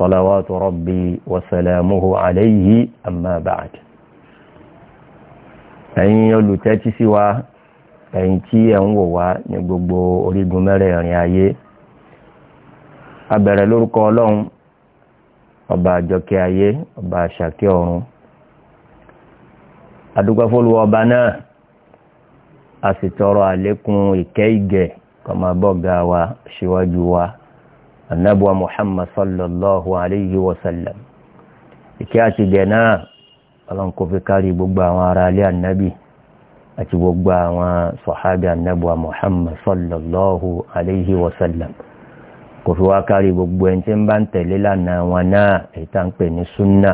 صلوات ربي وسلامه عليه أما بعد ẹ̀yin olùtẹ́tí sí wa ẹ̀yin tí ẹ̀ ń wò wá ní gbogbo orígun mẹ́rẹ̀ẹ̀rin ayé a bẹ̀rẹ̀ lórúkọ ọlọ́run ọba àjọkẹ́ ayé ọba àṣàkẹ́ ọ̀run adúgbàfọ́lù ọba náà a sì tọrọ àlékún ìkẹ́ ìgẹ̀ kọ́mọ wa síwájú wa anabuwa محمد صلى الله عليه وسلم. ìkẹ́ àti gẹ̀ náà ọlọ́run kò fi kárí gbogbo àwọn ará ilé anabi àti gbogbo àwọn sọ̀hábì anabuwa muhammad sallallahu alayhi wa sallam kò fi wá kárí gbogbo ẹni tí ń bá ń tẹ̀lé lánàá wọn náà èyí tá sunna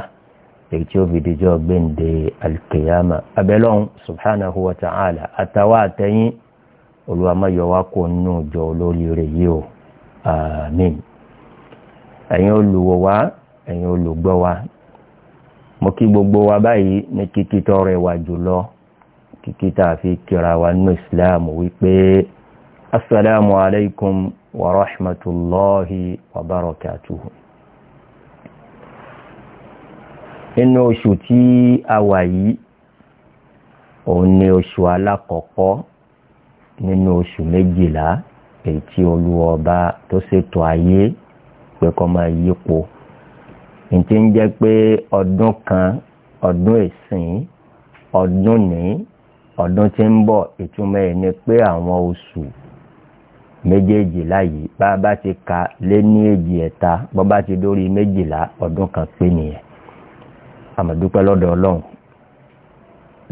èyí tí ó fi dijọ́ gbẹ̀ǹde alkiyama abẹ́lọ́hún subhanahu wa ta'ala àtàwọn àtẹ̀yìn olùwàmáyọ̀wá kò nù jọ olóríire yìí o amin ẹ̀yin olùwò wa ẹ̀yin olùgbọ́ wa mo kí gbogbo wa báyìí ní kíkí tó rẹwà jùlọ kíkí tá a fi kíra wa nínú ìsìláàmù wípé asalaamu alaykum wa rahmatulahi wa barakatuhu. inú oṣù tí a wà yìí òun ni oṣù alákọ̀ọ́kọ́ nínú oṣù méjìlá èyí tí olúwa ọba tó ṣètò ayé pé kọ́ máa yípo ntí ń jẹ́ pé ọdún kan ọdún ìsìn ọdún ní ọdún tí ń bọ̀ ìtumọ̀ ẹ̀ ni pé àwọn oṣù méjèèjìlá yìí bá a bá ti ka lé ní èjì ẹ̀ta bọ́ bá ti dórí méjìlá ọdún kan pé nìyẹn àmọ̀dúpẹ́ lọ́dọ̀ ọlọ́run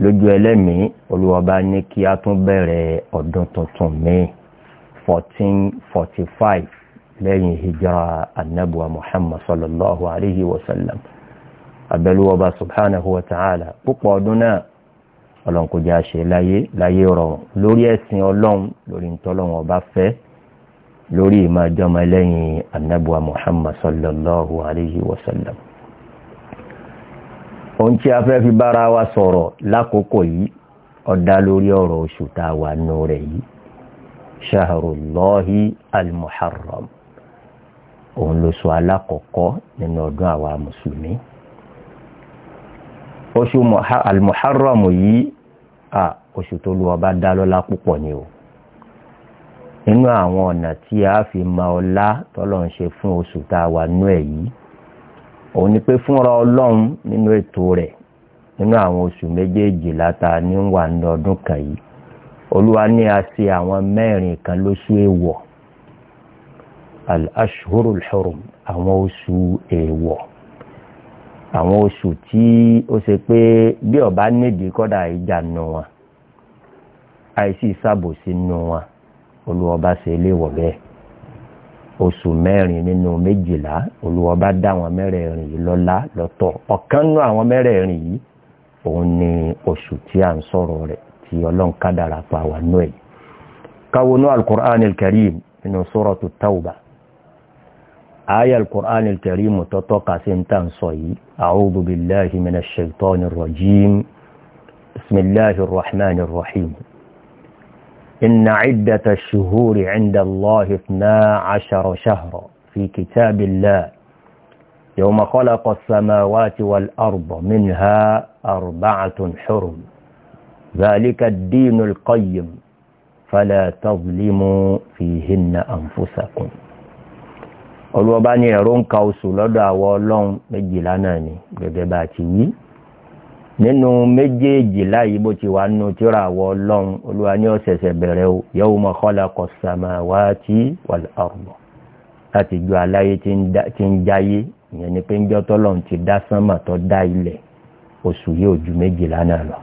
lójú ẹlẹ́mìí olúwọba ní kí a tún bẹ̀rẹ̀ ọdún tuntun míì fourteen forty five lẹ́yìn hijira annabuwa muhammad sallallahu alayhi wa sallam abẹ́lúwọba subhanahu wa ta'ala púpọ̀ ọdún náà ọlọ́run kò já ṣe láyé láyé rọrùn lórí ẹ̀sìn ọlọ́run lórí ntọ́lọ́run ọba fẹ́ lórí ìmọ̀jọ́mọ lẹ́yìn annabuwa muhammad sallallahu alayhi wa sallam ohun tí a fẹ́ fi bára wa sọ̀rọ̀ lákòókò yìí ọ̀dá lórí ọ̀rọ̀ oṣù tá a wà nù rẹ̀ yìí shahrullahi al-muharram òun lóṣù alákọ̀ọ́kọ́ nínú ọdún àwa mùsùlùmí oṣù almuharram yìí a oṣù tó lu ọba dá lọ́lá púpọ̀ ni o nínú àwọn ọ̀nà tí a fi ma ọlá tọ́lọ̀ ń ṣe fún oṣù tá a wà nú ẹ̀ yìí òun ni pé fúnra ọlọ́run nínú ètò rẹ̀ nínú àwọn oṣù méjèèjìlá ta ní wà ní ọdún kan yìí olúwa ní a ṣe àwọn mẹ́rin kan lóṣù èèwọ̀ al-ashhurul hurum àwọn oṣù èèwọ̀ àwọn oṣù tí ó ṣe pé bí ọba nídìí kọ́dà ìjà nù wọn àìsí ìsàbòsí nù wọn olùwọba ṣe léèwọ̀ bẹ́ẹ̀ oṣù mẹ́rin nínú méjìlá olùwọba dá àwọn mẹ́rẹ̀ẹ̀rin yìí lọ́lá lọ́tọ̀ ọ̀kan nú àwọn mẹ́rẹ̀ẹ̀rin yìí òun ni oṣù tí a ń sọ̀rọ̀ rẹ̀ tí ọlọ́run pa wà nú ẹ̀ káwọnú al-Qur'an al-Karim nínú suratu Tawbah آية القرآن الكريم تتوقع سنتان صي أعوذ بالله من الشيطان الرجيم بسم الله الرحمن الرحيم إن عدة الشهور عند الله اثنا عشر شهرا في كتاب الله يوم خلق السماوات والأرض منها أربعة حرم ذلك الدين القيم فلا تظلموا فيهن أنفسكم olùwọ́ba ní ẹ̀rọ ń ka oṣù lọ́dọ̀ àwọ ọlọ́run méjìlá náà ni gẹ́gẹ́ bá ti wí nínú méjèèjìlá yìí bó ti wà nínú tíra àwọ ọlọ́run olúwa ní ọ̀sẹ̀sẹ̀ bẹ̀rẹ̀ o yawma khalaqa samawati wal ardh láti ju aláyé tí ń jáyé ìyẹn ni pé ń jọ́ tọ́lọ́run ti dá sánmà tó dá ilẹ̀ oṣù yìí ò ju méjìlá náà lọ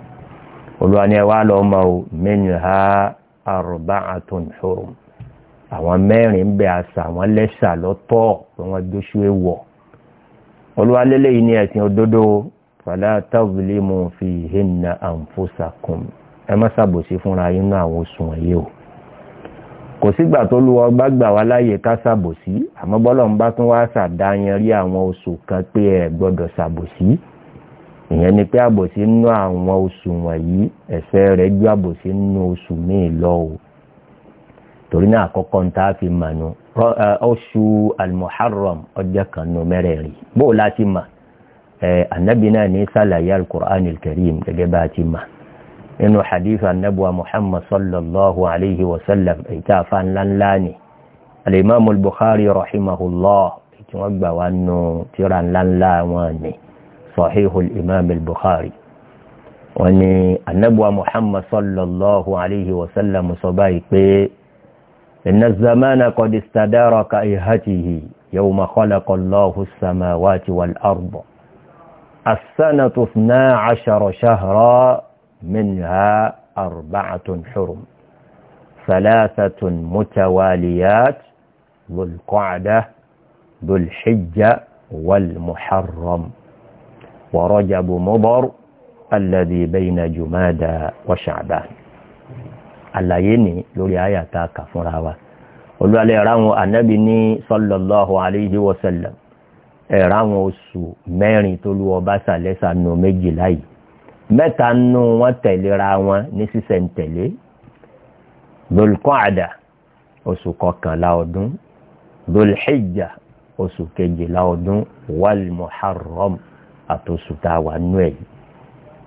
olúwa ní ẹ wá lọ́ọ́ mọ́ o minha arba'atun hurum àwọn mẹ́rin ń bẹ àṣà wọn lẹ́ṣà lọ́tọ̀ pé wọ́n dóṣù èèwọ̀ olúwalélẹ̀ yìí ní ẹ̀sìn òdodo fàlà tazlimu fihinna anfusakum ẹ má ṣàbòsí fúnra yín náà àwọn oṣù wọ̀nyí o kò sígbà tó lu ọgbà gbà wá láàyè ká ṣàbòsí àmọ́ bọ́lọ̀ ń bá tún wá ṣàdáyan rí àwọn oṣù kan pé ẹ gbọ́dọ̀ ṣàbòsí ìyẹn ni pé àbòsí nínú àwọn oṣù wọ̀nyí ẹ̀ṣẹ̀ rẹ̀ ju àbòsí nínú oṣù míì lọ o torí náà àkọ́kọ́ ń tá a fi mà nù oṣù almuharram ọjọ́ kan nù mẹ́rẹ̀ẹ̀rin bó o láti mà anabi náà ní sàlàyé alukur'an alkarim gẹ́gẹ́ bá a ti mà nínú hadith anabuwa muhammad sallallahu alayhi wa sallam èyí tá a fa ńlá ńlá ni alimami bukhari rahimahullah tí wọ́n gbà wá nù tíra ńlá wọn ni sahihul imam bukhari wọ́n ní anabuwa muhammad sallallahu alayhi wa sallam sọ báyìí pé. إن الزمان قد استدار كأيهته يوم خلق الله السماوات والأرض السنة اثنا عشر شهرا منها أربعة حرم ثلاثة متواليات ذو القعدة ذو الحجة والمحرم ورجب مضر الذي بين جمادى وشعبان àlàyé ní lórí àyàtà kà fúnra wa olúwalẹ̀ ẹ̀ráwọn anábì ní sallallahu alayhi wa sallam ẹ̀ráwọn oṣù mẹ́rin tó lu ọba sàlẹ́sà nù méjìlá yìí mẹ́ta nù wọ́n tẹ̀léra wọn ní sísẹ̀ntẹ̀lé dulqaada oṣù kọkànlá ọdún dulhijja oṣù kejìlá ọdún wal muharram àtòṣù tá a wà nù ẹ̀yìn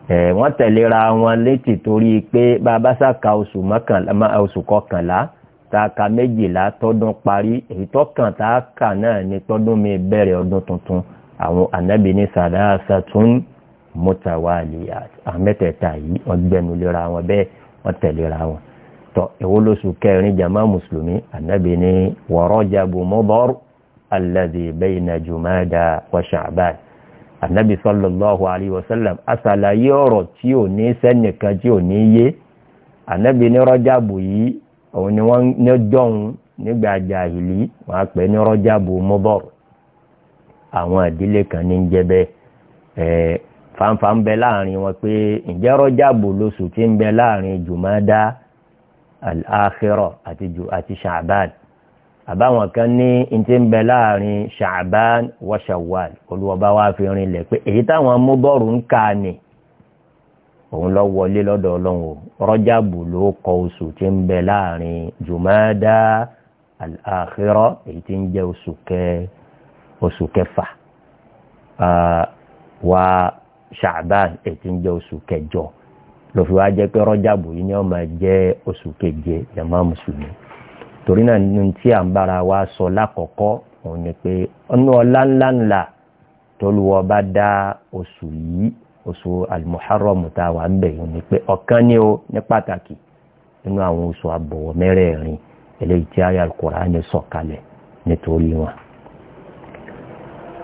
wọ́n tẹ̀léra wọn létí torí pé bàbá sàkà oṣù mọ́kànlá oṣù kọkànlá tààkà méjìlá tọdún parí èyí tọkàn tààkà náà ni tọdún mi bẹ̀rẹ̀ ọdún tuntun àwọn ànábì ní sàdáàsà tún mọ́tàwálì àmẹ́tẹ̀ẹ̀ta yìí wọ́n gbẹnulera wọn bẹ́ẹ̀ wọ́n tẹ̀léra wọn tọ́ èwo lóṣù kẹrin jama mùsùlùmí ànábì ní wọ́rọ́jà bùmọ́bọ́rù alladhi bayna jumada wa sha'ban anabi sallallahu alayhi wa sallam asàlàyé ọ̀rọ̀ tí ò ní sẹ́nìkan tí ò ní yé anabi ní rọ́jàbù yìí òun ni wọ́n ní jọ̀hún nígbà jàhìlì wọ́n á pè ní rọ́jàbù mọ́bọ̀r àwọn ìdílé kan ní jẹ bẹ́ẹ̀ ẹ̀ fanfa bẹ láàrin wọn pé ǹjẹ́ rọ́jàbù lóṣù tí ń bẹ láàrin jùmọ́dá al àti ṣàbáàdì àbáwọn kan ní ntí ń bẹ láàrin ṣàbán wa ṣàwàl olùwọba wa fi rin lẹ pé èyí táwọn amúbọ̀rù ń kà ní òun lọ wọlé lọ́dọ̀ ọlọ́run o rọ́jàbù ló kọ oṣù tí ń bẹ láàrin jùmọ́dá àkírọ́ èyí tí ń jẹ́ oṣù kẹfà wa ṣàbán èyí tí ń jẹ́ oṣù kẹjọ lọ́fi pé rọ́jàbù yìí ni ó máa jẹ́ oṣù keje jàmá mùsùlùmí torí náà nínú tí à ń bára wa sọ lákọ̀ọ́kọ́ òun ni pé ọ̀nà ọlá ńlá ńlá tolúwọ bá dá oṣù yìí oṣù alimuharram tá a wà ń bẹ̀ yìí ni pé ọ̀kan ni ó ní pàtàkì nínú àwọn oṣù àbọ̀wọ̀ mẹ́rẹ̀ẹ̀rin eléyìí tí àyà Al-Qur'ani sọ̀kalẹ̀ nítorí wọn.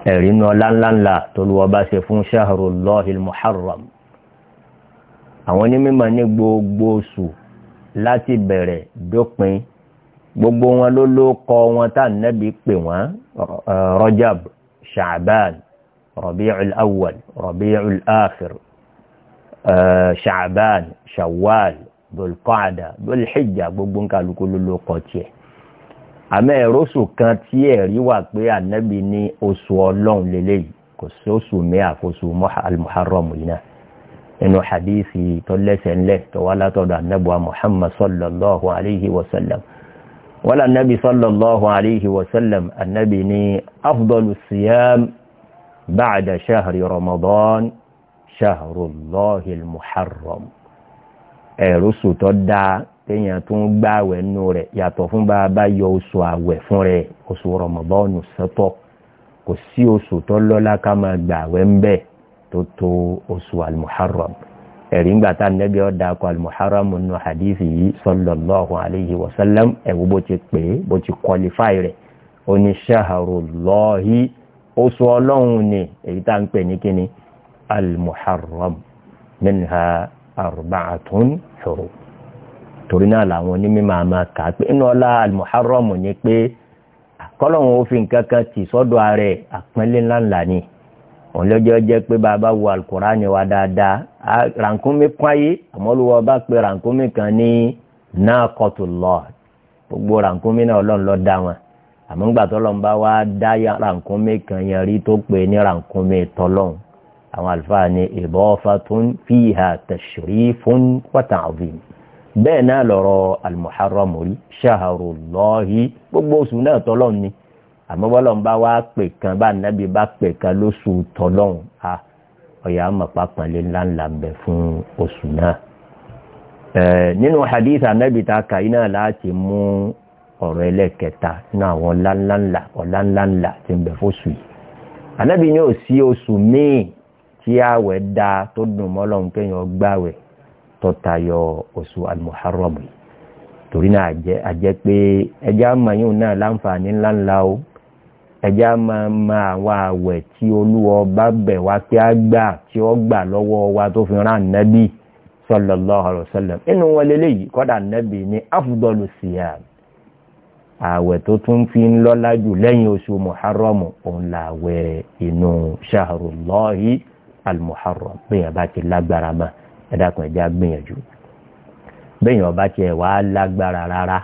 ẹ̀rí inú ọlá ńlá ńlá tolúwọ bá ṣe fún shahrullahil muharram àwọn onímọ̀ ní gbogbo oṣù láti bẹ̀rẹ̀ dópin gbogbo wọn ló ló kọ wọn tá nẹ́bí pè wọ́n rajab sha'ban rabi'ul awwal rabi'ul akhir sha'ban shawwal dulqaada dulhijja gbogbo nkàlùkù ló ló kọ tiẹ̀ àmọ́ ẹ̀rọ́sù kan tí ẹ̀rí wà pé ànábì ní oṣù ọlọ́run lélẹ́yìí kò sí oṣù mẹ́à fóṣù al yìí náà nínú hadithi tó lẹ́sẹ̀ ńlẹ̀ tó wá látọ̀dọ̀ ànábì muhammad sallallahu alayhi wa sallam wala nabi sallallahu alayhi wa sallam annabi ni afdalu siyam ba'da shahri ramadan shahrullahi almuharram ẹ̀rù sùtọ́ dáa téèyàn tó ń gbá àwẹ̀ nù rẹ̀ yàtọ̀ fún bá a bá yọ oṣù àwẹ̀ fún rẹ̀ oṣù ramadan sọ́tọ̀ kò sí oṣù tó lọ́lá ká máa gbà àwẹ̀ ń bẹ̀ tó tó almuharram ẹ̀rí ńgbà tá nẹ́bí ọ̀dà akọ al-muharram nù hadith yìí sallallahu alayhi wa sallam ẹ̀wọ́ bó ti pè é bó ti qualify rẹ̀ ó ní shahrullahi oṣù ọlọ́run ni èyí tá ń pè ní kíni al-muharram minha arba'atun hurum torí náà làwọn onímọ̀ àmà kà á pé inú ọlá al ni pé kọ́lọ́hún ó fi tì sọ́dọ̀ ààrẹ àpẹ́lẹ́ ni òun lọ́jọ́ jẹ́ pé bàbá wo alukurani wa dáadáa rànkúnmí kwáyé àmọ́lùwọ́ bá pe rànkúnmí kan ní naqatullah gbogbo rànkúnmí náà ọlọ́run ló dá wọn àmọ́ ńgbà tọ́lọ́n bá wá dá rànkúnmí kan yẹn rí tó pe ní rànkúnmí tọ́lọ́run àwọn àlùfáà ní idafatun fiha tashrifun wa ta'zim bẹ́ẹ̀ náà lọ́rọ̀ al rí shahrullahi gbogbo àmọ́ bọ́lọ̀ ń bá wá pè kan bá nábì bá pè kan lóṣù tọ́lọ́hún a ọ̀yà àmọ̀pá pọ̀nlé ńláńlá ń bẹ fún oṣù náà. nínú hadith anábì ta kàyí náà láti mú ọ̀rọ̀ ẹlẹ́kẹta nínú àwọn ọ̀làńláńlá ọ̀làńláńlá ti ń bẹ fóṣù yìí. anábì ní ò sí oṣù míì tí àwẹ̀ da tó dùn mọ́lọ́hún kéèyàn gbàwẹ̀ tó tayọ oṣù al yìí torí náà àjẹ́ pé ẹjẹ́ àmọ̀ náà láǹfààní ńláńlá o ẹ̀já máa ma àwọn àwẹ̀ tí olúwa bá bẹ̀ wá kí á gbà tí ó gbà lọ́wọ́ wa tó fi rán nẹ́bí sallallahu alaihi wasallam inú wọn lélẹ́yìí kọ́dà nẹ́bí ní afdalu siyam àwẹ̀ tó tún fi ń lọ́lá jù lẹ́yìn oṣù muharram òun làwẹ̀ inú shahrullahi almuharram bẹ́yàn bá ti lágbára mọ́ ẹ̀dá kan ẹ̀já gbìyànjú bẹ́yàn bá ti ẹ̀ wá lágbára rárá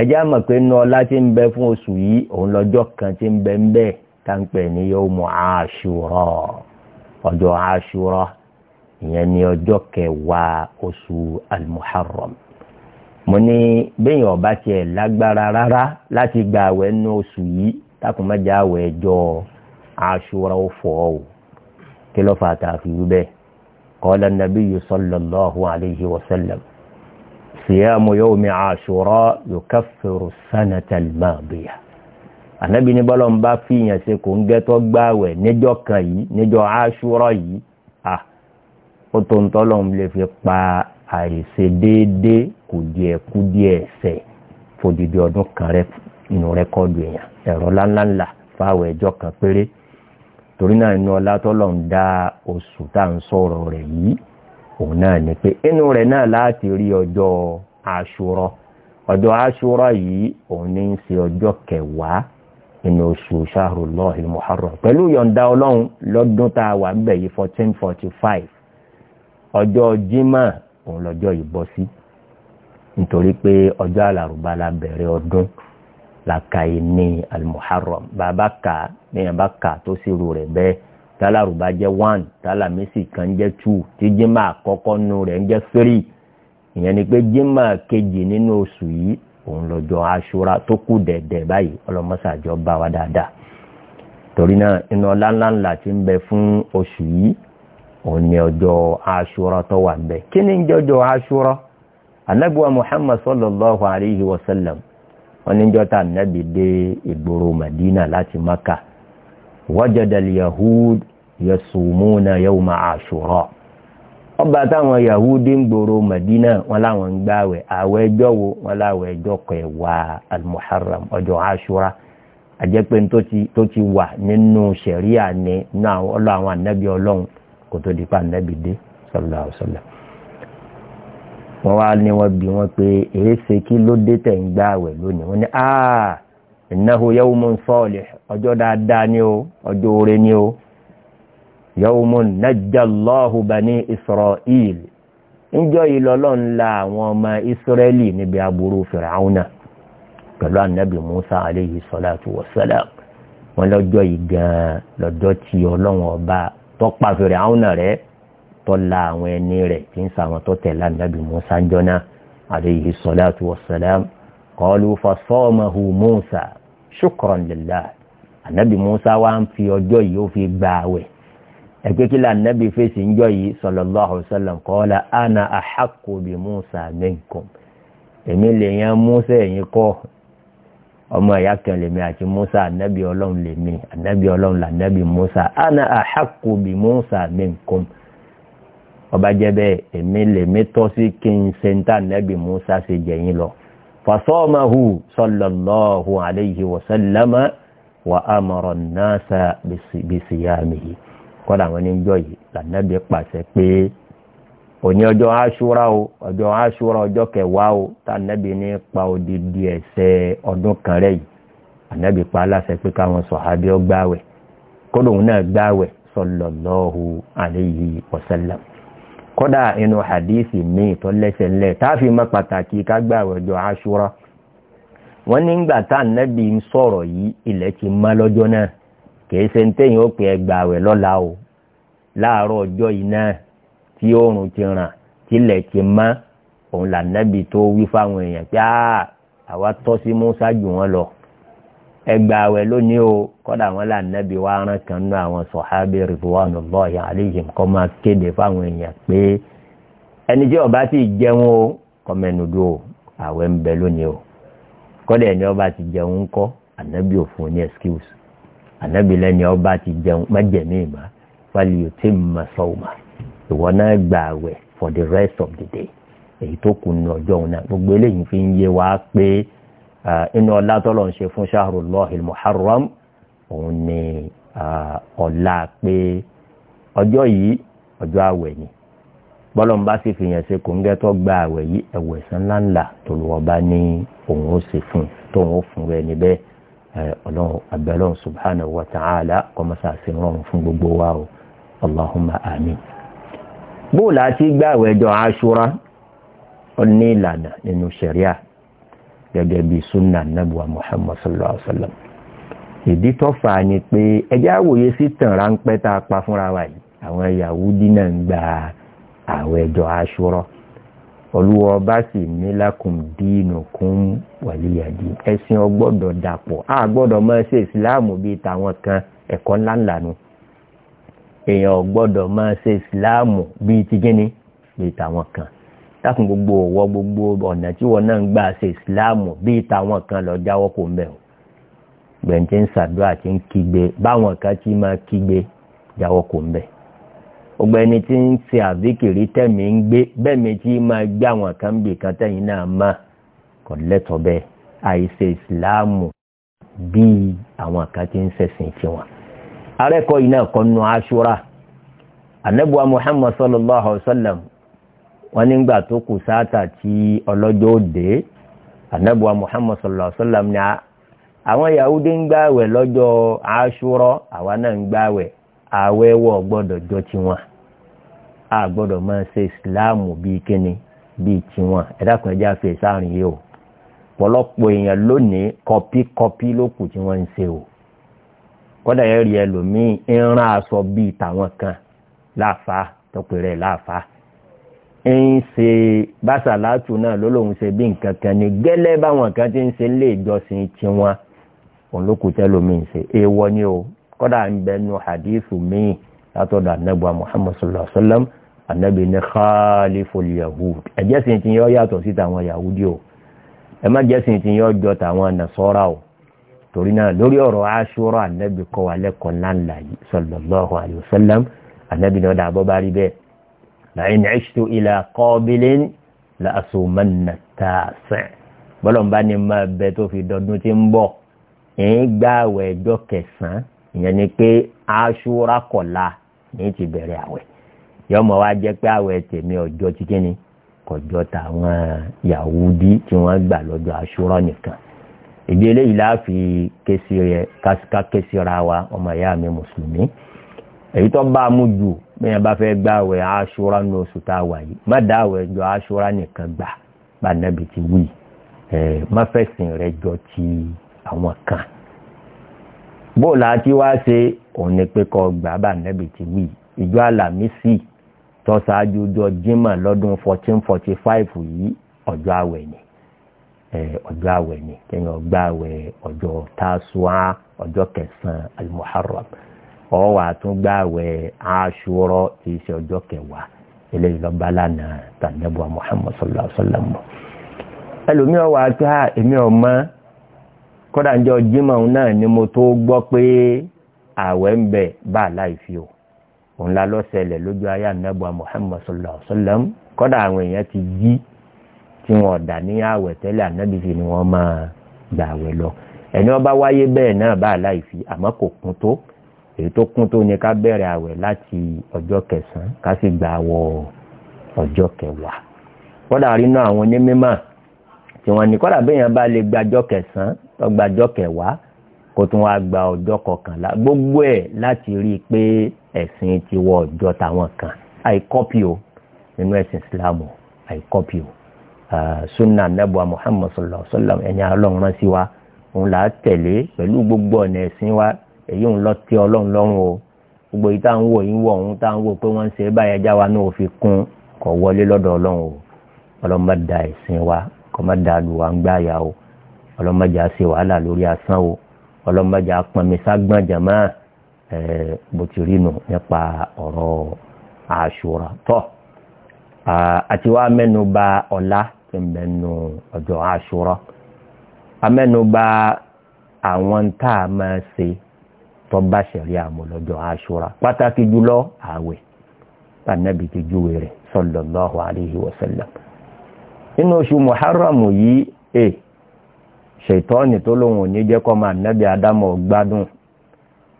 ẹjẹ́ àmọ̀ pé nínú ọlá tí ń bẹ fún oṣù yìí òun lọ́jọ́ kan tí ń bẹ ń bẹ tá ń pè ní yawmu Ashura ọjọ́ Ashura ìyẹn ni ọjọ́ kẹwàá oṣù al-Muharram mo ní bẹ́yìn ọba tiẹ̀ lágbára rárá láti gba àwẹ̀ nínú oṣù yìí tákùn mẹ́jọ àwẹ̀ ẹjọ́ Ashura ó fọ́ kí ló fà á tà fi wí bẹ́ẹ̀ qala an-nabiyyu sallallahu alayhi wa siyamu yawmi ashura yukaffiru sanata al-madiya ànábì ní bọ́lọ̀ ń bá fìyàn ṣe kò ń gẹ́tọ́ gbáwẹ̀ níjọ́ kan yìí níjọ́ aṣúrọ̀ yìí à ó tó ń tọ́lọ̀ ń lè fi pa àìṣe déédé kò díẹ̀ kú díẹ̀ ọdún kan rẹ inú rẹ́kọ́ọ̀dù èèyàn ẹ̀rọ ńláńlá fáwọn ẹjọ́ kan péré torí náà inú ọlá tọ́lọ̀ ń dá oṣù tá à ń sọ̀rọ̀ rẹ̀ yìí òun náà ni pé inú rẹ̀ náà láti rí ọjọ́ aṣúrọ́ ọjọ́ aṣúrọ́ yìí òun ní í ṣe ọjọ́ kẹwàá inú oṣù ṣáàrù lọ́ọ̀hìn muharram pẹ̀lú yọ̀ǹda ọlọ́run lọ́dún tá a wà ń bẹ̀ yìí fourteen forty five ọjọ́ jimá òun lọ́jọ́ yìí bọ́ sí nítorí pé ọjọ́ àlàrúbá la bẹ̀rẹ̀ ọdún làkàyè ní almuharram bàbá kà ní àbá kà tó sì rú rẹ̀ bẹ́ẹ̀ tálàrúbá jẹ́ one tálàmísì kan jẹ́ two tí jimá àkọ́kọ́ nù rẹ̀ ń jẹ́ three ìyẹn ni pé jimá kejì nínú oṣù yìí òun lọ́jọ́ aṣúra tó kù dẹ̀dẹ̀ báyìí ọlọ́mọṣàjọ bá wa dáadáa torí náà iná ọláńláńlá ti ń bẹ fún oṣù yìí òun ni ọjọ́ aṣúra tó wà ń bẹ kí ni ń jọjọ́ aṣúra anabiwa muhammad sallallahu alayhi wa sallam wọn ní jọta anabi dé ìgboro madina láti maka wajadal yahud yasumuna yawma ashura ọba táwọn yahudi ń gbòòrò madina wọn láwọn ń gbààwẹ̀ àwẹ̀ ẹjọ́ wo wọn láwọn ẹjọ́ kẹwàá almuharram ọjọ́ ashura àjẹpẹ́ tó ti wà nínú sẹ̀ríà ni náà ọlọ́ àwọn ànábì ọlọ́run kò tó di pa ànábì dé sallallahu alaihi wasallam wọ́n wá ní wọ́n bí wọ́n pé èéṣe kí ló dé tẹ̀ ń gbààwẹ̀ lónìí wọ́n ní àà innahu yawmun salih ọjọ́ dáadáa ni o ọjọ́ yawmun najjallahu bani israel níjọ́ yìí lọ́lọ́run la àwọn ọmọ israẹli níbi aburú fìràwùnà pẹ̀lú anabi musa aleyhi salatu wa salam wọn lọ́jọ́ yìí gan-an lọ́jọ́ tí ọlọ́run ọba tó pa fìràwùnà rẹ̀ tó la àwọn ẹni rẹ̀ kí n sàwọn tó tẹ̀lé anabi musa ń jọ́nà aleyhi salatu wa salam qalu musa shukran lillah anabi musa wa ń fi ọjọ́ yìí ó fi gbààwẹ̀ ẹgbẹ́ kí lànàbí fèsì ń jọ yìí sallallahu alaihi wasallam qala ana ahaqqu bi Musa minkum èmi lè yan Musa ẹ̀yin kọ́ ọmọ ìyá kan lèmi àti Musa ànábì ọlọ́run lèmi ànábì ọlọ́run lànábì Musa ana ahaqqu bi Musa minkum ọba jẹ́ bẹ́ẹ̀ èmi lèmi tọ́ sí kí n ṣe ń tà ànábì Musa ṣe jẹ̀yìn lọ fasọ́mahu sallallahu alaihi wasallama wa kọ́dà wọn níjọ́ yìí lànàbí pàṣẹ pé òní ọjọ́ aṣúra o ọjọ́ aṣúra ọjọ́ kẹwàá o tànàbí ní pa odidi ẹ̀ṣẹ̀ ọdún kan rẹ̀ yìí ànàbí pa aláṣẹ pé káwọn sọ̀hábí ọ gbáwẹ̀ kódà òun náà gbáwẹ̀ sallallahu alayhi wa sallam kọ́dà inú hadithi míì tó lẹ́sẹ̀ lẹ̀ táàfin mọ́ pàtàkì ká gbáwẹ̀ ọjọ́ aṣúra wọ́n nígbà tá ń sọ̀rọ̀ yìí ilẹ̀ ti mọ́ lọ́jọ́ náà kìí ṣe ń tẹ̀yìn ó pè é gbààwẹ̀ lọ́la o láàárọ̀ ọjọ́ yìí náà tí oòrùn ti ràn tilẹ̀ ti mọ́ òun lànàbì tó wí fáwọn èèyàn pé àwa tọ́ sí Musa jù wọ́n lọ ẹ gbààwẹ̀ lónìí o kọ́dà wọn lànàbì wa rán kan nú àwọn sọ̀hábì ridwanullahi alayhim kọ́ máa kéde fáwọn èèyàn pé ẹni tí ọba ti jẹun o kọ́mẹ́nudó àwẹ̀ ń bẹ lónìí o kọ́dà ẹni ọba ti jẹun ń kọ́ ànàbì òfin ní excuse ànábì lẹ́ni ọba ti jẹun mẹ́jẹ̀mí ìmọ̀ wálé yóò tí ma sọ́ọ̀mà ìwọ náà gbà àwẹ̀ for the rest of the day èyí tó kù ní ọjọ́ òun náà gbogbo eléyìí fi ń yé wa pé inú ọlá tọ́lọ̀ ń ṣe fún shahrullahil muharram òun ni ọlá pé ọjọ́ yìí ọjọ́ àwẹ̀ ni bọ́lọ́n bá sì fìyàn ṣe kò ń gẹ́ tó gba àwẹ̀ yìí ẹ̀wẹ̀ sán tó lọ́ọ́ bá ní òun ó ṣe fún tóun ó fún rẹ̀ níbẹ̀ ọlọ́run abẹ́lọ́run subhanahu wa ta'ala kọ́mọ́sá sí rọrùn fún gbogbo wa o allahumma amin. bóòlù àti gbààwẹ̀ ọjọ́ aṣúra ó ní ìlànà nínú ṣẹ̀ríà gẹ́gẹ́ bí sunna nabuwa muhammad sallallahu alaihi wa sallam. ìdí tó fà á ni pé ẹjẹ́ àwòye sí tàn ráńpẹ́ pa fúnra wa yìí àwọn Yahudi náà ń gba àwẹ̀ ọjọ́ aṣúra olúwa ọba sì ní lakum dinukum waliyadi ẹ̀sìn ọgbọ́dọ̀ dàpọ̀ a gbọ́dọ̀ máa ṣe ìsìláàmù bíi tàwọn kan ẹ̀kọ́ ńláńlá nu èèyàn ọgbọ́dọ̀ máa ṣe ìsìláàmù bíi ti gíní bíi tàwọn kan dákun gbogbo ọwọ́ gbogbo ọ̀nà tí wọn náà ń gbà ṣe ìsìláàmù bíi tàwọn kan lọ jáwọ́ kó ń o gbẹ̀ǹtẹ̀ ń ṣàdúrà tí ń kígbe báwọn kan ti máa kígbe jáwọ́ kó ń gbogbo ẹni tí ń ṣe àzíkìrí tẹ̀mí ń gbé bẹ́ẹ̀ mi tí máa gbé àwọn kan bì kan tẹ̀yìn náà mà kò lẹ́tọ̀ bẹ́ẹ̀ àìṣe ìsìláàmù bíi àwọn kan tí ń ṣẹ̀sìn tiwọn. arẹ́kọ̀ọ́ yìí náà nu aṣúra anabuwa muhammad sallallahu alaihi wa sallam wọn nígbà tó kù sáàtà tí ọlọ́jọ́ òde anabuwa muhammad sallallahu alaihi wa sallam ni àwọn yahudi ń gbààwẹ̀ lọ́jọ́ aṣúrọ̀ àwa náà ń gbààwẹ̀ àwẹ̀wọ̀ gbọ́dọ̀ jọ tiwọn a gbọ́dọ̀ máa ṣe ìsìláàmù bíi kíni bíi tiwọn ẹ dákun ẹ jẹ́ àfi sáàrin yìí o pọ̀lọpọ̀ èèyàn lónìí kọpí kọpí ló kù tí wọ́n ń ṣe o kọ́dà yẹn rí ẹlòmíín ń rán aṣọ bíi tàwọn kan láàfà tọpẹ̀rẹ̀ láàfà ń ṣe bàṣàlátù náà ló lóun ṣe bí nǹkan kan ní gẹ́lẹ́ báwọn kan ti ń ṣe lé ìjọsìn tiwọn òun ló kù ṣe èèwọ̀ ni o kọ́dà ń bẹnu hadithu míì látọ̀dọ̀ anábọ̀ Muhammad sallallahu alaihi wa sallam anabi ní khaliful yahud ẹ̀jẹ̀ sì ti yọ yàtọ̀ sí tàwọn yahudi o ẹ má jẹ́ sì ti yọ jọ tàwọn nasọ́ra o torí náà lórí ọ̀rọ̀ aṣọ́rọ̀ anabi kọ́ wa lẹ́kọ̀ọ́ ńláńlá yìí sallallahu alayhi wa sallam anabi náà dàbọ̀ bá rí bẹ́ẹ̀ la'in 'ishtu ila qabilin la asumanna tààsẹ̀ bọ́lọ̀ ń bá ní máa bẹ tó fi dọdún tí ń bọ̀ ń gba àwẹ̀ kẹsàn-án ìyẹn ni pé aṣọ́ra kọ̀la ní ti bẹ̀rẹ̀ àwẹ̀ yọmọ wa jẹ́ pé àwẹ̀ tèmi ọjọ́ tí kíni kọjọ́ tàwọn yahudi tí wọ́n gbà lọ́jọ́ aṣúrọ̀ nìkan ìdí eléyìí láàfi kesi rẹ kásíká kesi ra wa ọmọ ìyá mi mùsùlùmí èyí tó bá a mú jù bẹ́ẹ̀ bá fẹ́ gbà àwẹ̀ aṣúrọ̀ ní oṣù tá a wà yìí má dá àwẹ̀ jọ aṣúrọ̀ nìkan gbà bá nàbì ti wí ẹ̀ má fẹ̀sìn rẹ jọ ti àwọn kan bóòlù àti wá ṣe òun ni pé kọ́ gbà bá nàbì ti wí ìjọ àlàmísì tó ṣáájú ọjọ́ jimá lọ́dún fourteen forty five yìí ọjọ́ àwẹ̀ ni ọjọ́ àwẹ̀ ni kéèyàn gba àwẹ̀ ọjọ́ tásùá ọjọ́ kẹsàn-án alimuharram ọwọ́ àtúngbà àwẹ̀ aṣúrọ̀ tí í ṣe ọjọ́ kẹwàá eléyìí lọ́ba lánàá tànẹ́bùà muhammad sallallahu alayhi wa sallam ẹlòmíì ọwọ́ àti ha èmi ọmọ kódà ń jọ jimá náà ni mo tó gbọ́ pé àwẹ̀ ń bẹ bá a láì fi o òun la lọ́sẹ̀lẹ̀ lójú ayé anábọ̀ muhammad sallallahu alayhi wa sallam kọ́dà àwọn èèyàn ti jí tí wọn dà ní àwẹ̀ tẹ́lẹ̀ anábì fi ni wọ́n máa gbà àwẹ̀ lọ ẹni wọn bá wáyé bẹ́ẹ̀ náà bá aláìfi àmọ́ kò kún tó èyí tó kún tó ni ká bẹ̀rẹ̀ àwẹ̀ láti ọjọ́ kẹsàn-án ká sì gbà wọ ọjọ́ kẹwàá kọ́dà rínú àwọn onímọ̀ tí wọ́n ní kọ́dà bẹ́ẹ̀ yẹn bá lè gbàjọ́ kẹsàn-án tó gbàjọ́ kẹwàá kó tún wá gba ọjọ́ kọkànlá gbogbo ẹ̀ láti rí i pé ẹ̀sìn ti wọ ọjọ́ táwọn kan àìkọ́pì o nínú ẹ̀sìn ìsìlámù àìkọ́pì o sunna nebua muhammad sallallahu alaihi wa sallam ẹ̀yin ọlọ́run rán sí wa òun là á tẹ̀lé pẹ̀lú gbogbo ọ̀nà ẹ̀sìn wa èyí ń lọ tí ọlọ́run lọ́rùn o gbogbo yìí tá à ń wò yín wọ̀ ọ̀hún tá à ń wò pé wọ́n ń ṣe báyà já wa náà fi kún kọ̀ wọlé lọ́dọ̀ ọlọ́run o ọlọ́run ẹ̀sìn wa kọ́ má da ń gbáyà o ọlọ́run ṣe wàhálà lórí asán o ọlọ́mọdé apọnmisá gbọ́njà máa bó ti rí nu nípa ọ̀rọ̀ àṣùrà tọ́ àti wá mẹ́nu bà ọ̀la tí ń bẹnu ọjọ́ àṣùrà amẹ́nu bà àwọn tá a máa ṣe tó bá ṣẹ̀rí àmúlọ́jọ́ àṣùrà pàtàkì jùlọ ààwẹ̀ ànábì ti júwe rẹ̀ sallallahu alayhi wa sallam nínú oṣù muharram yìí eh, ṣètọ́ọ̀nì tó lóun ò ní jẹ́ kọ́ máa nẹ́bí adámọ̀ gbádùn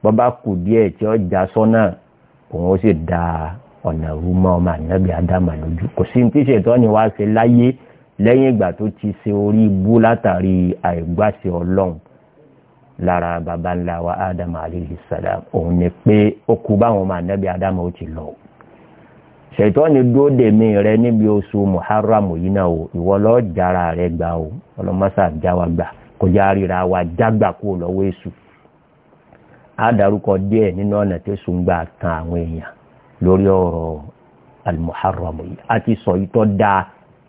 bọ́bá kù díẹ̀ tí ó já sọ́nà òun ó sì da ọ̀nà rúmọ́ ọmọ ànábì adámọ̀ lójú kò sí tí ṣètọ́ọ̀nì wá ṣe láyé lẹ́yìn ìgbà tó ti ṣe orí ibú látàrí àìgbàṣe ọlọ́run lára baba ńlá wa ádámù alayhi salam òun ni pé ó kú báwọn ọmọ ànábì adámọ̀ ó ti lọ ṣètọ́ni dúró dèmí rẹ níbi oṣù muharram yìí náà o ìwọ lọ jára rẹ gbà o ọlọmọsà jáwa gbà kọjá ríra wa jágbà kú lọ́wọ́ èṣù á darúkọ díẹ̀ nínú ọ̀nà tó sùn gbà kan àwọn èèyàn lórí ọ̀rọ̀ al yìí a ti sọ ìtọ́ da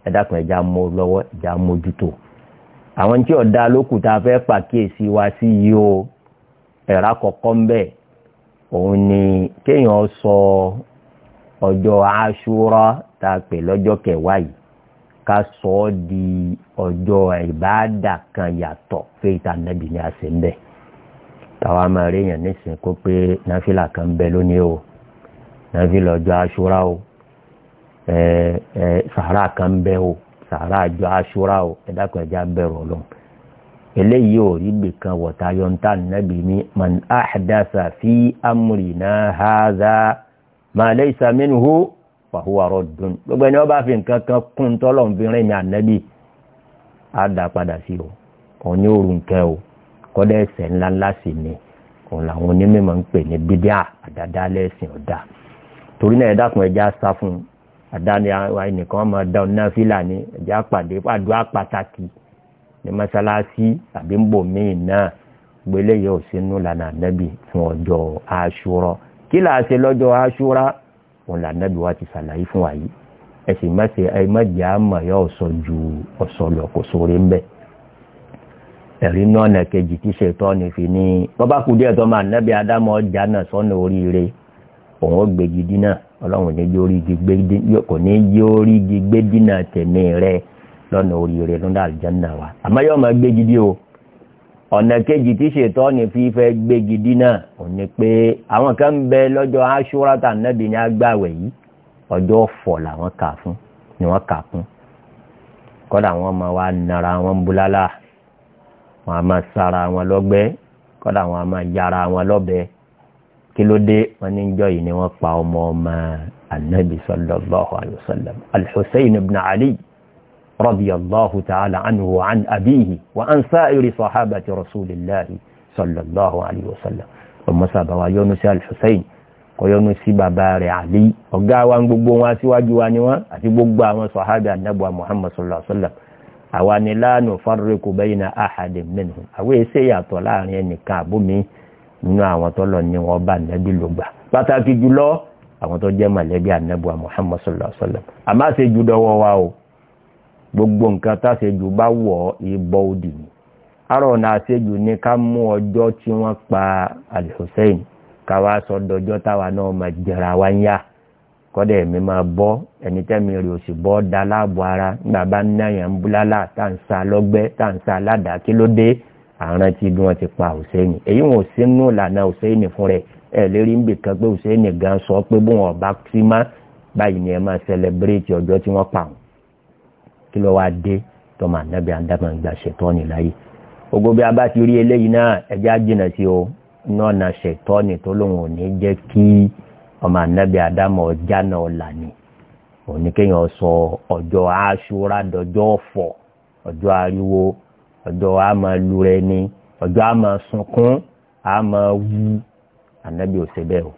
ẹ̀dàkùn ẹ̀já mọ́ lọ́wọ́ ẹ̀já mójútó àwọn tí ọ̀dà lókùtà fẹ́ pàkíyèsí wa sí yìí o ẹ̀rá kọ̀ọ̀kan bẹ́ẹ̀ òun ni kéèyàn sọ ọjọ́ aṣúra tá a pè lọ́jọ́ kẹwàá yìí ká sọ ọ́ di ọjọ́ ìbáàdà kan yàtọ̀ fẹ́yìntà nàbì ni a sì ń bẹ̀. táwa máa rí èèyàn nísìnyí kó pé náfìlà kan bẹ lónìí o náfìlà ọjọ́ aṣúra o ẹ ẹ sàárà kan bẹ o sàárà ọjọ́ aṣúra o ẹ dákun ẹ já ọlọ́run eléyìí ò rí ibì wọ̀tá yọ̀ǹtà nàbì ni man ahdatha fi amrina hadha ma laysa minhu fa huwa raddun gbogbo ẹni wọ́n bá fi nǹkan kan kún tọ́lọ̀ nbìnrin ní ànábì á dá padà sí o òun ní òrùn kẹ o kọ́dẹ̀ ẹ̀ṣẹ̀ ńlá ńlá sì ni òun làwọn onímọ̀ ń pè ní bídíà àdáda lẹ́sìn ọ̀dà torí náà ẹ dákun ẹja sá fún àdáni ẹnìkan máa dá ọ̀nà fílà ní ẹja pàdé àdúrà pàtàkì ní mọ́sálásí àbí ń bò míì náà gbélé yóò sínú lànà ànábì fún ọjọ́ aṣúrọ́ kí là á ṣe lọ́jọ́ aṣúra òun là nàbí wa ti ṣàlàyé fún wa yìí ẹ̀sìn mẹ́sẹ̀ ẹ mẹ́jẹ̀ á mọ̀ yọ ọ̀sọ̀ ju ọ̀sọ̀ lọ kò sóore ń bẹ̀. ẹ̀rí náà nà kejì tí ṣètọ́ ni fi ní bọ́bá kú díẹ̀ tó máa nàbí adámọ̀ ọjà náà sọ́nà oríire òun ó gbégi dínà ọlọ́run ní yóò rí gbé dínà tẹ̀mí rẹ lọ́nà oríire lọ́nà àlùjánnà wa àmọ́ yóò máa gbégi dí o ọ̀nà kejì tí ṣètọ́ ní fífẹ́ gbégi dínà ò ní pé àwọn kan ń bẹ lọ́jọ́ aṣúra tà nábì ní agbáwẹ̀ yìí ọjọ́ ọ̀fọ̀ làwọn kà fún ni wọ́n kà fún kọ́dà wọn máa wá nara wọn búlálà wọn a máa sára wọn lọ́gbẹ́ kọ́dà wọn máa yára wọn lọ́bẹ kí ló dé wọn ní jọ yìí ni wọ́n pa ọmọ ọmọ anabi sallallahu alaihi wasallam al-Husayn ibn Ali. رضي الله تعالى عنه وعن أبيه وعن سائر صحابة رسول الله صلى الله عليه وسلم ọmọ sábà wa yọ́nú sí alhussein kò yọ́nú sí bàbá rẹ̀ ali ọ̀gá wa ń gbogbo wọn síwájú wa ni wọn àti gbogbo àwọn sọ̀hádà anábọ̀ muhammad sallallahu alaihi wasallam àwa ni la nufarriqu bayna ahadin minhum àwọn èsè yàtọ̀ láàrin ẹnìkan àbómi nínú àwọn tọ́lọ̀ ni wọ́n bá nẹ́bí ló gbà pàtàkì jùlọ muhammad sallallahu alaihi wasallam àmọ́ àṣejù dọwọ́ wa o gbogbo nǹkan táṣejù bá wọ̀ ìbọ òdì ni àrò ọ̀nà àṣejù ni ká mú ọjọ́ tí wọ́n pa Al-Hussein káwa sọdọjọ́ táwa náà máa jẹra wa ń yá kọ́dẹ̀ mi máa bọ́ ẹni tẹ́mi rè òsì bọ́ da láàbò ara nígbà bá ń náyà ń búlálà tá ń sa lọ́gbẹ́ tá ń sa ládàá kí ló dé àrùn tí bí wọ́n ti pa Hussein èyí wọn ò sí nù lànà fún rẹ̀ ẹ̀ lérí ń bì kan pé Hussein gan sọ pé bóun ọba sí má báyìí ni ẹ máa celebrate ọjọ́ tí wọ́n pa wọn kí ló wá dé tọmọ ànábì àdàmà ń gba ṣètọ́ni láyé gbogbo bí a bá ti rí eléyìí náà ẹja jìnà sí o náà na ṣètọ́ni tó lóun ò ní jẹ́ kí ọmọ ànábì àdàmà ọjà náà là ní òní kéèyàn sọ ọjọ́ aṣúra dọjọ́ ọ̀fọ̀ ọjọ́ ariwo ọjọ́ àmọ́ lura ẹni ọjọ́ àmọ́ sunkún àmọ́ wú ànábì ò ṣe bẹ́ẹ̀ o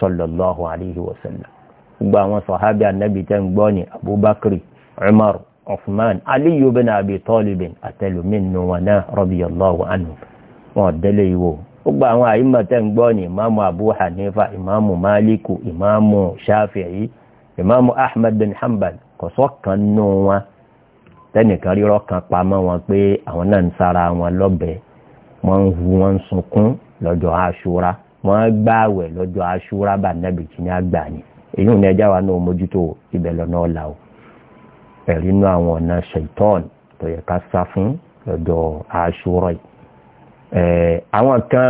sallallahu alayhi gbogbo àwọn sọ̀hábì ànábì tẹ́ ń gbọ́ ni Abubakar Umar Uthman Aliyu bin Abi Talib àtẹlùmín nù wọn náà radiyallahu anhu wọn délé ìwò gbogbo àwọn àyímọ̀tẹ́ ń gbọ́ ní ìmáàmù Abu Hanifa ìmáàmù Maliku ìmáàmù Shafi'i ìmáàmù Ahmad bin Hanbal kọ̀sọ́ kan nù wọn tẹ́nìkan rírọ́ kan pamọ́ wọn pé àwọn náà ń sára wọn lọ́bẹ̀ẹ́ wọ́n ń hu wọ́n ń sunkún lọ́jọ́ aṣúra wọ́n ń gbààwẹ̀ lọ́jọ́ aṣúra bá nàbìtì ní àgbà ni èyí ò ní ẹjá wa náà mójútó ibẹ̀ lọ́nà ọ̀la ẹ̀rí inú àwọn ọ̀nà ṣèitọ́n tó yẹ ká sá fún lọ́dọ̀ aṣọ́rọ̀ ẹ̀ àwọn kan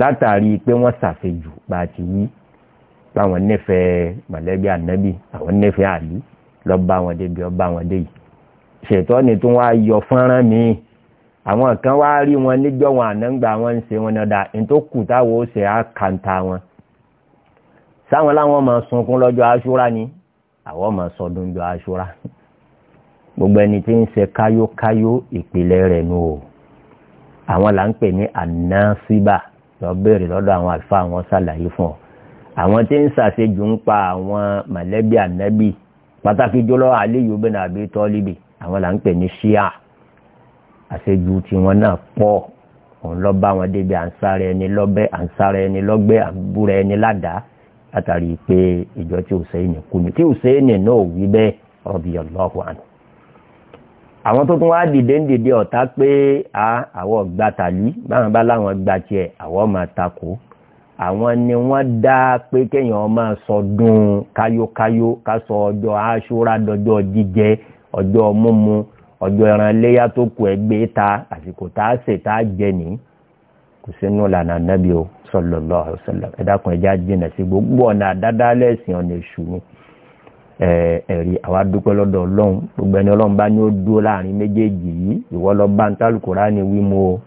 látàrí pé wọ́n ṣàṣejù bá a ti wí báwọn nífẹ̀ẹ́ mọ̀lẹ́bí ànábì àwọn nífẹ̀ẹ́ àlí lọ bá wọn débi ọ bá wọn dé yìí ṣètọ́ ni tó wá yọ fọ́nrán mi àwọn kan wá rí wọn níjọ́ wọn ànágbà wọn ń ṣe wọn náà ní tó kù táwọn ó ṣe á wọn sáwọn láwọn máa sunkún lọ́jọ́ aṣúra ni àwọn máa sọdún jọ aṣúra gbogbo ẹni tí ń ṣe káyókáyó ìpìlẹ̀ rẹ̀ nù o àwọn là ń pè ní anásíbà lọ béèrè lọ́dọ̀ àwọn àlùfáà àwọn ṣàlàyé fún ọ àwọn tí ń ṣàṣejù ń pa àwọn mọ̀lẹ́bí ànábì pàtàkì jọlọ Aliyu bin Abi Tọ́líbì àwọn là ń pè ní ṣíà àṣejù tiwọn náà pọ̀ òun lọ bá wọn débi ànsáré ẹni lọ́bẹ ànsáré ẹni lọ́gbẹ́ àbúrẹ́ ẹni ládàá látàrí pé ìjọ tí Hùsẹ́yìn kú ni tí Hùsẹ́yìn náà wí bẹ́ẹ̀ radiyallahu anhu àwọn tó tún wá dìde ń dìde ọ̀tá pé a àwọn ọ̀gbà tàlí báwọn bá láwọn gba tiẹ̀ àwọn máa takò àwọn ni wọ́n dá pé kéèyàn máa sọdún káyókáyó ká sọ ọjọ́ aṣúra dọjọ́ jíjẹ ọjọ́ múmu ọjọ́ ẹran léyà tó kù ẹgbẹ́ ta àsìkò tá a sè tá a jẹ ní kò sínú lànà nàbí o sallallahu alaihi wasallam ẹ dákun ẹ já jìnnà sí gbogbo ọ̀nà àdádálẹ̀ ẹ̀sìn ọ̀nà èṣù ni ẹ̀rí àwa dúpẹ́ lọ́dọ̀ ọlọ́run gbogbo ẹni ọlọ́run bá ní ó dúró láàrin méjèèjì yìí ìwọ lọ bá ń tálù kùránì wímú o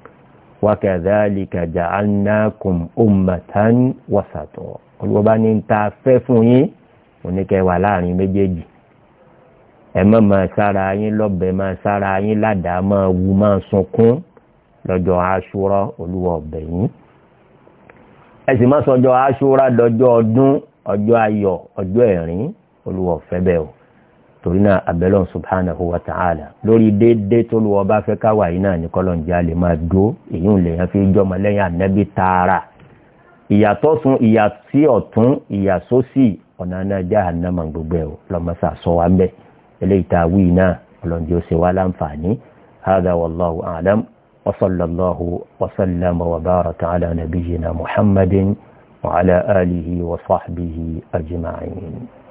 wa kadhalika ja'alnakum ummatan wasata olùwọ́ bá ní ta fẹ́ fún yín oníkẹ́ wà láàrin méjèèjì ẹ má máa sára yín lọ́bẹ̀ máa sára yín ládàá máa wú máa sunkún lọ́jọ́ aṣúrọ́ olúwa ọ̀bẹ̀ yín ẹ sì má sọjọ́ aṣúrọ́ dọjọ́ ọdún ọjọ́ ayọ̀ ọjọ́ ẹ̀rín olúwa ọ̀fẹ́ bẹ́ẹ̀ o torí náà abẹ́lọ́n subhanahu wa ta'ala lórí déédéé tó lu ọba fẹ́ káwá yìí náà ní kọ́lọ́njá lè máa dúró èyí ń lè yàn fi jọmọ lẹ́yìn ànábì tààrà ìyàtọ̀ sun ìyàsí ọ̀tún ìyàsósì ọ̀nà náà jahannama gbogbo ẹ̀ lọ́mọ́sà sọ wa bẹ́ẹ̀ eléyìí tá a wí náà ọlọ́njẹ́ ó ṣe wá láǹfààní hada wallahu a'lam wa sallallahu wa baraka ala nabiyyina muhammadin wa ala alihi wa sahbihi ajma'in.